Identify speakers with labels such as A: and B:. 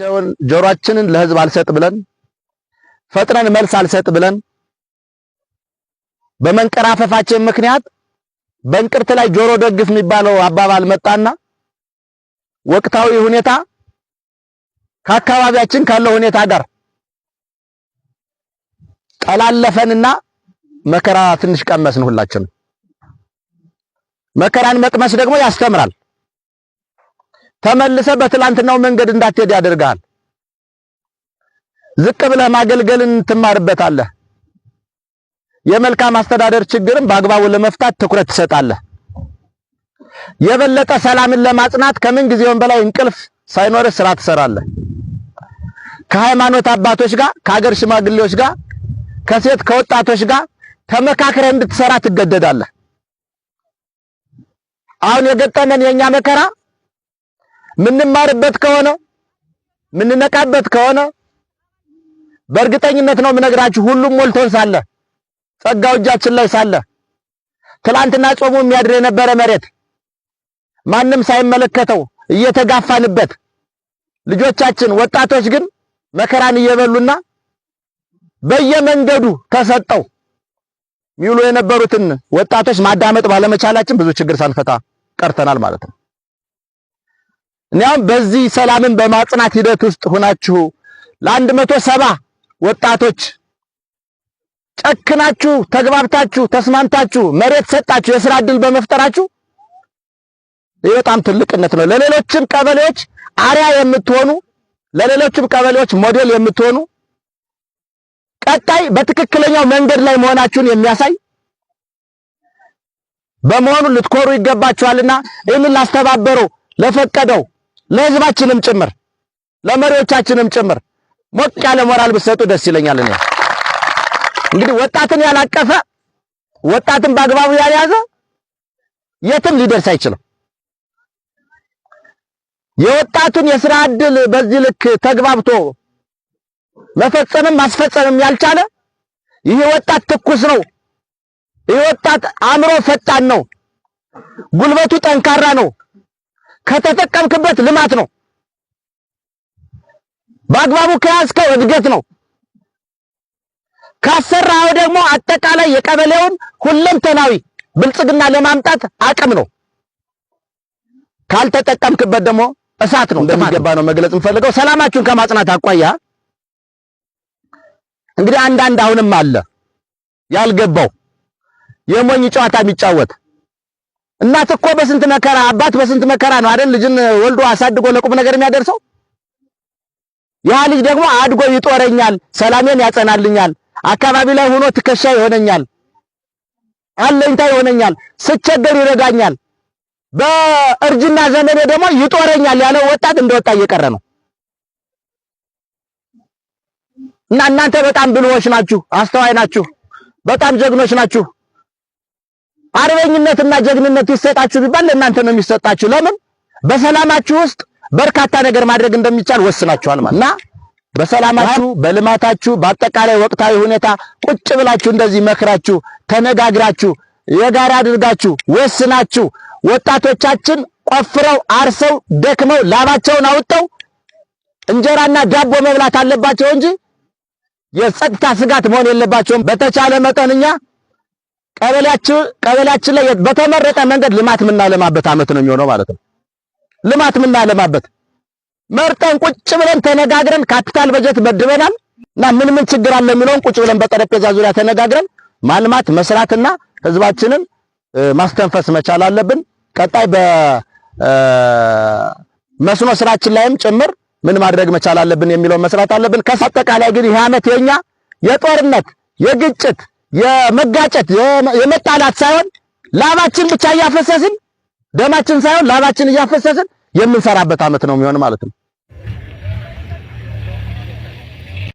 A: ጆሮአቸውን ጆሮአችንን ለህዝብ አልሰጥ ብለን ፈጥነን መልስ አልሰጥ ብለን በመንቀራፈፋችን ምክንያት በእንቅርት ላይ ጆሮ ደግፍ የሚባለው አባባል መጣና ወቅታዊ ሁኔታ ከአካባቢያችን ካለው ሁኔታ ጋር ጠላለፈንና መከራ ትንሽ ቀመስን። ሁላችንም መከራን መቅመስ ደግሞ ያስተምራል። ተመልሰ በትላንትናው መንገድ እንዳትሄድ ያደርጋል። ዝቅ ብለህ ማገልገልን ትማርበታለህ። የመልካም አስተዳደር ችግርን በአግባቡ ለመፍታት ትኩረት ትሰጣለህ። የበለጠ ሰላምን ለማጽናት ከምን ጊዜውም በላይ እንቅልፍ ሳይኖርህ ስራ ትሰራለህ። ከሃይማኖት አባቶች ጋር፣ ከሀገር ሽማግሌዎች ጋር፣ ከሴት ከወጣቶች ጋር ተመካክረህ እንድትሰራ ትገደዳለህ። አሁን የገጠመን የኛ መከራ ምንማርበት ከሆነ ምንነቃበት ከሆነ በእርግጠኝነት ነው የምነግራችሁ፣ ሁሉም ሞልቶን ሳለ ጸጋው እጃችን ላይ ሳለ ትላንትና ጾሙ የሚያድር የነበረ መሬት ማንም ሳይመለከተው እየተጋፋንበት፣ ልጆቻችን ወጣቶች ግን መከራን እየበሉና በየመንገዱ ተሰጠው የሚውሉ የነበሩትን ወጣቶች ማዳመጥ ባለመቻላችን ብዙ ችግር ሳንፈታ ቀርተናል ማለት ነው። እኛም በዚህ ሰላምን በማጽናት ሂደት ውስጥ ሆናችሁ ለአንድ መቶ ሰባ ወጣቶች ጨክናችሁ ተግባብታችሁ ተስማምታችሁ መሬት ሰጣችሁ የስራ እድል በመፍጠራችሁ ይህ በጣም ትልቅነት ነው። ለሌሎችም ቀበሌዎች አሪያ የምትሆኑ ለሌሎችም ቀበሌዎች ሞዴል የምትሆኑ ቀጣይ በትክክለኛው መንገድ ላይ መሆናችሁን የሚያሳይ በመሆኑ ልትኮሩ ይገባችኋልና ይህንን ላስተባበረው ለፈቀደው ለህዝባችንም ጭምር ለመሪዎቻችንም ጭምር ሞቅ ያለ ሞራል ብትሰጡ ደስ ይለኛል። እኔ እንግዲህ ወጣትን ያላቀፈ ወጣትን በአግባቡ ያልያዘ የትም ሊደርስ አይችልም። የወጣቱን የስራ እድል በዚህ ልክ ተግባብቶ መፈጸምም ማስፈጸምም ያልቻለ ይህ ወጣት ትኩስ ነው፣ ይህ ወጣት አእምሮ ፈጣን ነው፣ ጉልበቱ ጠንካራ ነው ከተጠቀምክበት ልማት ነው። በአግባቡ ከያዝከው እድገት ነው። ካሰራው ደግሞ አጠቃላይ የቀበሌውን ሁለንተናዊ ብልጽግና ለማምጣት አቅም ነው። ካልተጠቀምክበት ደግሞ እሳት ነው። እንደሚገባ ነው መግለጽ የምፈልገው። ሰላማችሁን ከማጽናት አኳያ እንግዲህ አንዳንድ አሁንም አለ ያልገባው የሞኝ ጨዋታ የሚጫወት እናት እኮ በስንት መከራ አባት በስንት መከራ ነው አይደል ልጅን ወልዶ አሳድጎ ለቁም ነገር የሚያደርሰው። ያ ልጅ ደግሞ አድጎ ይጦረኛል፣ ሰላሜን ያጸናልኛል፣ አካባቢ ላይ ሆኖ ትከሻ ይሆነኛል፣ አለኝታ ይሆነኛል፣ ስቸገር ይረዳኛል። በእርጅና ዘመኔ ደግሞ ይጦረኛል ያለው ወጣት እንደወጣ እየቀረ ነው። እና እናንተ በጣም ብልሆች ናችሁ፣ አስተዋይ ናችሁ፣ በጣም ጀግኖች ናችሁ። አርበኝነትና ጀግንነት ይሰጣችሁ ቢባል ለእናንተ ነው የሚሰጣችሁ። ለምን በሰላማችሁ ውስጥ በርካታ ነገር ማድረግ እንደሚቻል ወስናችኋል ማለት እና በሰላማችሁ በልማታችሁ በአጠቃላይ ወቅታዊ ሁኔታ ቁጭ ብላችሁ እንደዚህ መክራችሁ ተነጋግራችሁ የጋራ አድርጋችሁ ወስናችሁ ወጣቶቻችን ቆፍረው አርሰው ደክመው ላባቸውን አውጥተው እንጀራና ዳቦ መብላት አለባቸው እንጂ የጸጥታ ስጋት መሆን የለባቸውም። በተቻለ መጠን እኛ ቀበሌያችን ላይ በተመረጠ መንገድ ልማት የምናለማበት ዓመት ነው የሚሆነው ማለት ነው። ልማት የምናለማበት መርጠን ቁጭ ብለን ተነጋግረን ካፒታል በጀት መድበናል እና ምን ምን ችግር አለ የሚለውን ቁጭ ብለን በጠረጴዛ ዙሪያ ተነጋግረን ማልማት መስራትና ህዝባችንን ማስተንፈስ መቻል አለብን። ቀጣይ በመስኖ ስራችን ላይም ጭምር ምን ማድረግ መቻል አለብን የሚለውን መስራት አለብን። ከአጠቃላይ ግን ይህ ዓመት የኛ የጦርነት የግጭት የመጋጨት የመጣላት ሳይሆን ላባችን ብቻ እያፈሰስን ደማችን ሳይሆን ላባችን እያፈሰስን የምንሰራበት ዓመት ነው የሚሆን ማለት ነው።